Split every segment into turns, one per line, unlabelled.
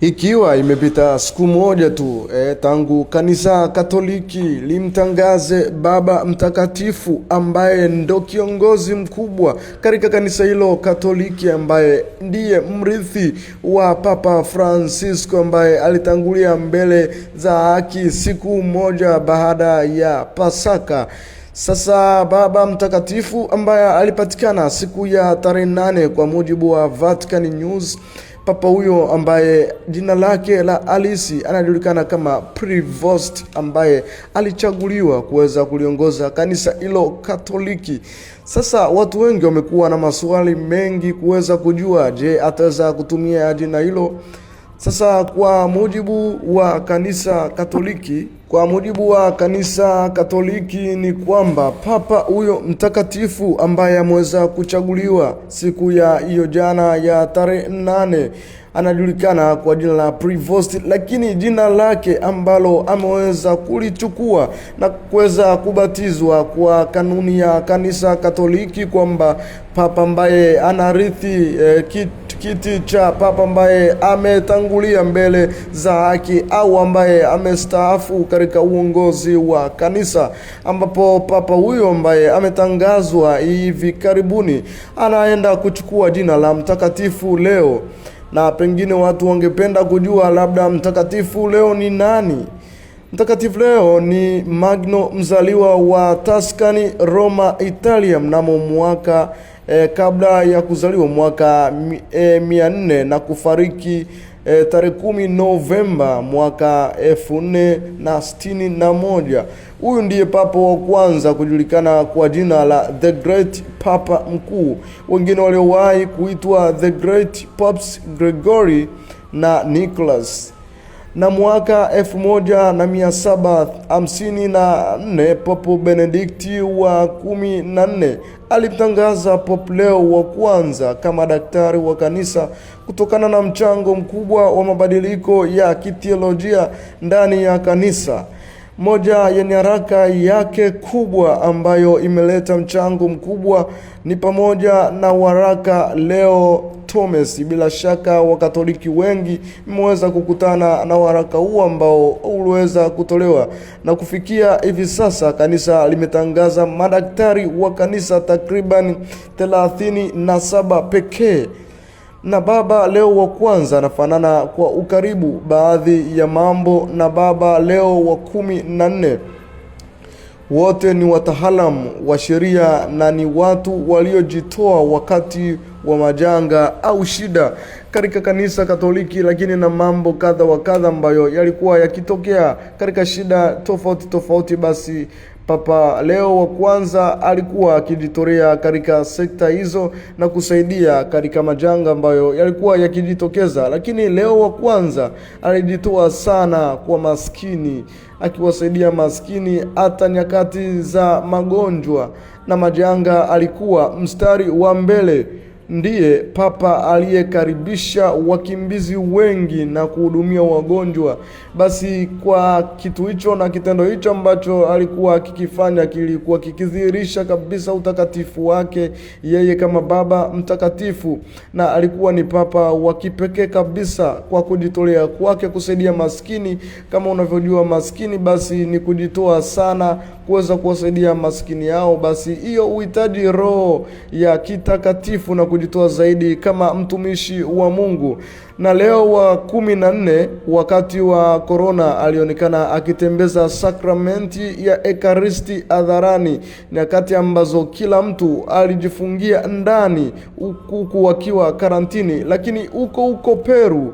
Ikiwa imepita siku moja tu eh, tangu kanisa Katoliki limtangaze Baba Mtakatifu ambaye ndo kiongozi mkubwa katika kanisa hilo Katoliki, ambaye ndiye mrithi wa Papa Francisco ambaye alitangulia mbele za haki siku moja baada ya Pasaka. Sasa Baba Mtakatifu ambaye alipatikana siku ya tarehe nane kwa mujibu wa Vatican News, papa huyo ambaye jina lake la alisi anajulikana kama Prevost, ambaye alichaguliwa kuweza kuliongoza kanisa hilo Katoliki. Sasa watu wengi wamekuwa na maswali mengi kuweza kujua, je, ataweza kutumia jina hilo sasa kwa mujibu wa kanisa Katoliki, kwa mujibu wa kanisa Katoliki ni kwamba papa huyo mtakatifu ambaye ameweza kuchaguliwa siku ya hiyo jana ya tarehe nane anajulikana kwa jina la Prevost, lakini jina lake ambalo ameweza kulichukua na kuweza kubatizwa kwa kanuni ya kanisa Katoliki kwamba papa ambaye anarithi eh, kit kiti cha papa ambaye ametangulia mbele za haki au ambaye amestaafu katika uongozi wa kanisa, ambapo papa huyo ambaye ametangazwa hivi karibuni anaenda kuchukua jina la mtakatifu Leo, na pengine watu wangependa kujua labda mtakatifu Leo ni nani? Mtakatifu Leo ni Magno, mzaliwa wa Tuscany, Roma, Italia mnamo mwaka e, kabla ya kuzaliwa mwaka e, mia nne na kufariki e, tarehe kumi Novemba mwaka elfu nne na sitini na moja. Huyu ndiye papa wa kwanza kujulikana kwa jina la The Great Papa Mkuu. Wengine waliowahi kuitwa The Great Pops Gregory na Nicholas na mwaka 1754 Pope Benedikti wa 14 alimtangaza Pope Leo wa kwanza kama daktari wa kanisa kutokana na mchango mkubwa wa mabadiliko ya kiteolojia ndani ya kanisa. Moja ya nyaraka yake kubwa ambayo imeleta mchango mkubwa ni pamoja na waraka Leo Thomas. Bila shaka Wakatoliki wengi mmeweza kukutana na waraka huu ambao uliweza kutolewa, na kufikia hivi sasa kanisa limetangaza madaktari wa kanisa takriban 37 pekee na Baba Leo wa Kwanza anafanana kwa ukaribu baadhi ya mambo na Baba Leo wa kumi na nne. Wote ni wataalamu wa sheria na ni watu waliojitoa wakati wa majanga au shida katika kanisa Katoliki, lakini na mambo kadha wa kadha ambayo yalikuwa yakitokea katika shida tofauti tofauti, basi Papa Leo wa kwanza alikuwa akijitolea katika sekta hizo na kusaidia katika majanga ambayo yalikuwa yakijitokeza, lakini Leo wa kwanza alijitoa sana kwa maskini, akiwasaidia maskini hata nyakati za magonjwa na majanga, alikuwa mstari wa mbele ndiye papa aliyekaribisha wakimbizi wengi na kuhudumia wagonjwa. Basi kwa kitu hicho na kitendo hicho ambacho alikuwa akikifanya kilikuwa kikidhihirisha kabisa utakatifu wake yeye kama Baba Mtakatifu, na alikuwa ni papa wa kipekee kabisa kwa kujitolea kwake kusaidia maskini. Kama unavyojua maskini, basi ni kujitoa sana kuweza kuwasaidia maskini yao, basi hiyo uhitaji roho ya kitakatifu na kujitoa zaidi kama mtumishi wa Mungu. Na Leo wa kumi na nne wakati wa korona alionekana akitembeza sakramenti ya ekaristi hadharani, nyakati ambazo kila mtu alijifungia ndani huku wakiwa karantini, lakini huko huko Peru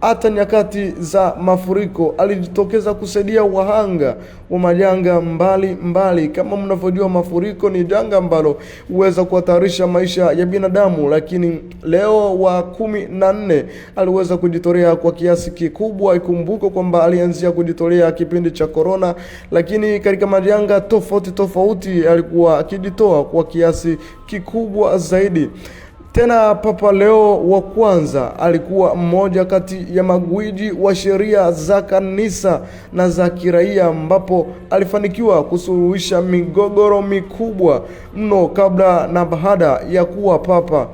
hata nyakati za mafuriko alijitokeza kusaidia wahanga wa majanga mbali mbali. Kama mnavyojua, mafuriko ni janga ambalo huweza kuhatarisha maisha ya binadamu, lakini Leo wa kumi na nne aliweza kujitolea kwa kiasi kikubwa. Ikumbuko kwamba alianzia kujitolea kipindi cha korona, lakini katika majanga tofauti tofauti alikuwa akijitoa kwa kiasi kikubwa zaidi. Tena Papa Leo wa kwanza alikuwa mmoja kati ya magwiji wa sheria za kanisa na za kiraia, ambapo alifanikiwa kusuluhisha migogoro mikubwa mno kabla na baada ya kuwa papa.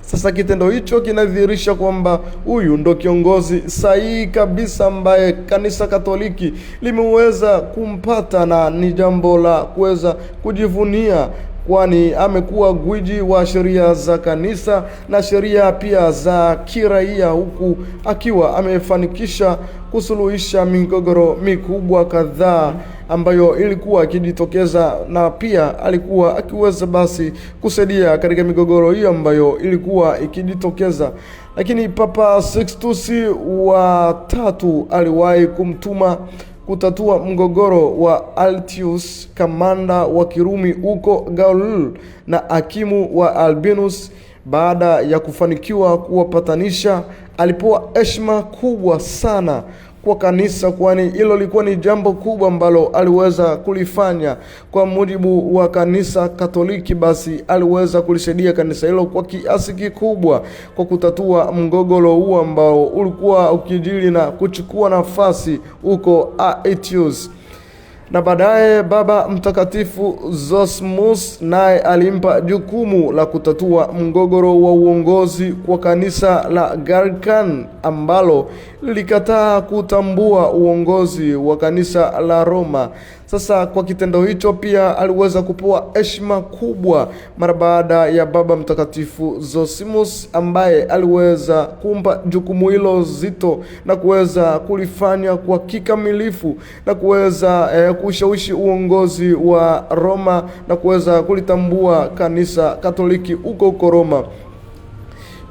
Sasa kitendo hicho kinadhihirisha kwamba huyu ndo kiongozi sahihi kabisa ambaye kanisa Katoliki limeweza kumpata, na ni jambo la kuweza kujivunia kwani amekuwa gwiji wa sheria za kanisa na sheria pia za kiraia, huku akiwa amefanikisha kusuluhisha migogoro mikubwa kadhaa ambayo ilikuwa ikijitokeza na pia alikuwa akiweza basi kusaidia katika migogoro hiyo ambayo ilikuwa ikijitokeza. Lakini Papa Sixtus wa tatu aliwahi kumtuma kutatua mgogoro wa Altius, kamanda wa Kirumi huko Gaul, na hakimu wa Albinus. Baada ya kufanikiwa kuwapatanisha, alipewa heshima kubwa sana kwa kanisa, kwani hilo lilikuwa ni jambo kubwa ambalo aliweza kulifanya kwa mujibu wa kanisa Katoliki. Basi aliweza kulisaidia kanisa hilo kwa kiasi kikubwa kwa kutatua mgogoro huo ambao ulikuwa ukijili na kuchukua nafasi huko Aetius na baadaye Baba Mtakatifu Zosmus naye alimpa jukumu la kutatua mgogoro wa uongozi kwa kanisa la garkan ambalo lilikataa kutambua uongozi wa kanisa la Roma. Sasa kwa kitendo hicho pia aliweza kupewa heshima kubwa mara baada ya Baba Mtakatifu Zosimus ambaye aliweza kumpa jukumu hilo zito na kuweza kulifanya kwa kikamilifu na kuweza eh, kushawishi uongozi wa Roma na kuweza kulitambua kanisa Katoliki huko huko Roma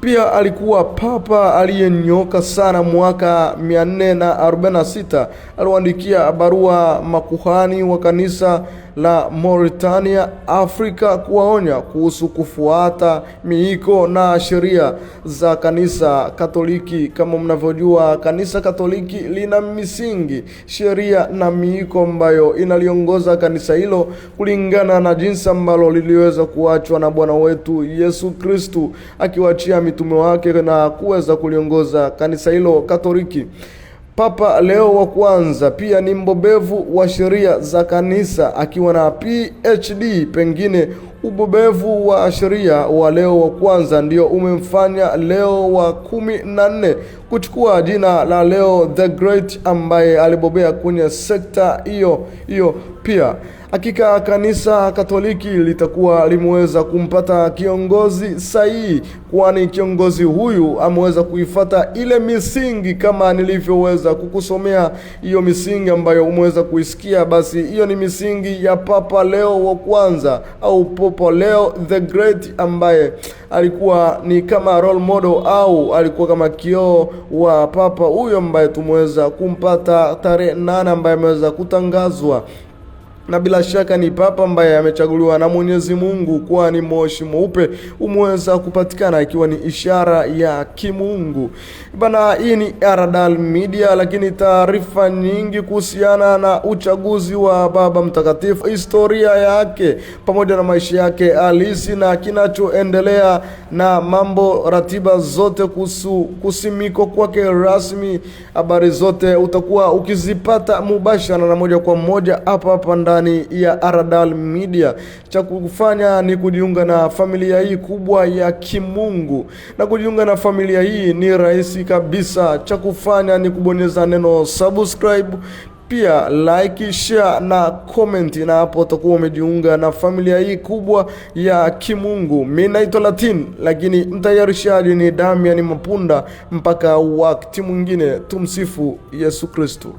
pia alikuwa papa aliyenyoka sana. Mwaka 446 aliwaandikia barua makuhani wa kanisa la Mauritania Afrika kuwaonya kuhusu kufuata miiko na sheria za Kanisa Katoliki. Kama mnavyojua, Kanisa Katoliki lina misingi, sheria na miiko ambayo inaliongoza kanisa hilo kulingana na jinsi ambalo liliweza kuachwa na Bwana wetu Yesu Kristu, akiwaachia mitume wake na kuweza kuliongoza kanisa hilo Katoliki. Papa Leo wa kwanza pia ni mbobevu wa sheria za kanisa akiwa na PhD. Pengine ubobevu wa sheria wa Leo wa kwanza ndio umemfanya Leo wa kumi na nne kuchukua jina la Leo the Great ambaye alibobea kwenye sekta hiyo hiyo. Pia hakika kanisa Katoliki litakuwa limeweza kumpata kiongozi sahihi, kwani kiongozi huyu ameweza kuifata ile misingi kama nilivyoweza kukusomea hiyo misingi ambayo umeweza kuisikia. Basi hiyo ni misingi ya Papa Leo wa kwanza au Papa Leo the Great, ambaye alikuwa ni kama role model au alikuwa kama kioo wa papa huyo ambaye tumeweza kumpata tarehe nane ambaye ameweza kutangazwa na bila shaka ni papa ambaye amechaguliwa na Mwenyezi Mungu kuwa ni moshi mweupe umeweza kupatikana ikiwa ni ishara ya kimungu bana. Hii ni Haradali Media, lakini taarifa nyingi kuhusiana na uchaguzi wa Baba Mtakatifu, historia yake pamoja na maisha yake halisi na kinachoendelea na mambo ratiba zote kuhusu kusimiko kwake rasmi, habari zote utakuwa ukizipata mubashara na moja kwa moja hapa hapa ndani ya Aradal Media. Cha kufanya ni kujiunga na familia hii kubwa ya kimungu, na kujiunga na familia hii ni rahisi kabisa. Cha kufanya ni kubonyeza neno subscribe pia like, share na comment, na hapo utakuwa umejiunga na familia hii kubwa ya kimungu. Mimi naitwa Latin, lakini mtayarishaji ni Damian Mapunda. Mpaka wakati mwingine, tumsifu Yesu Kristo.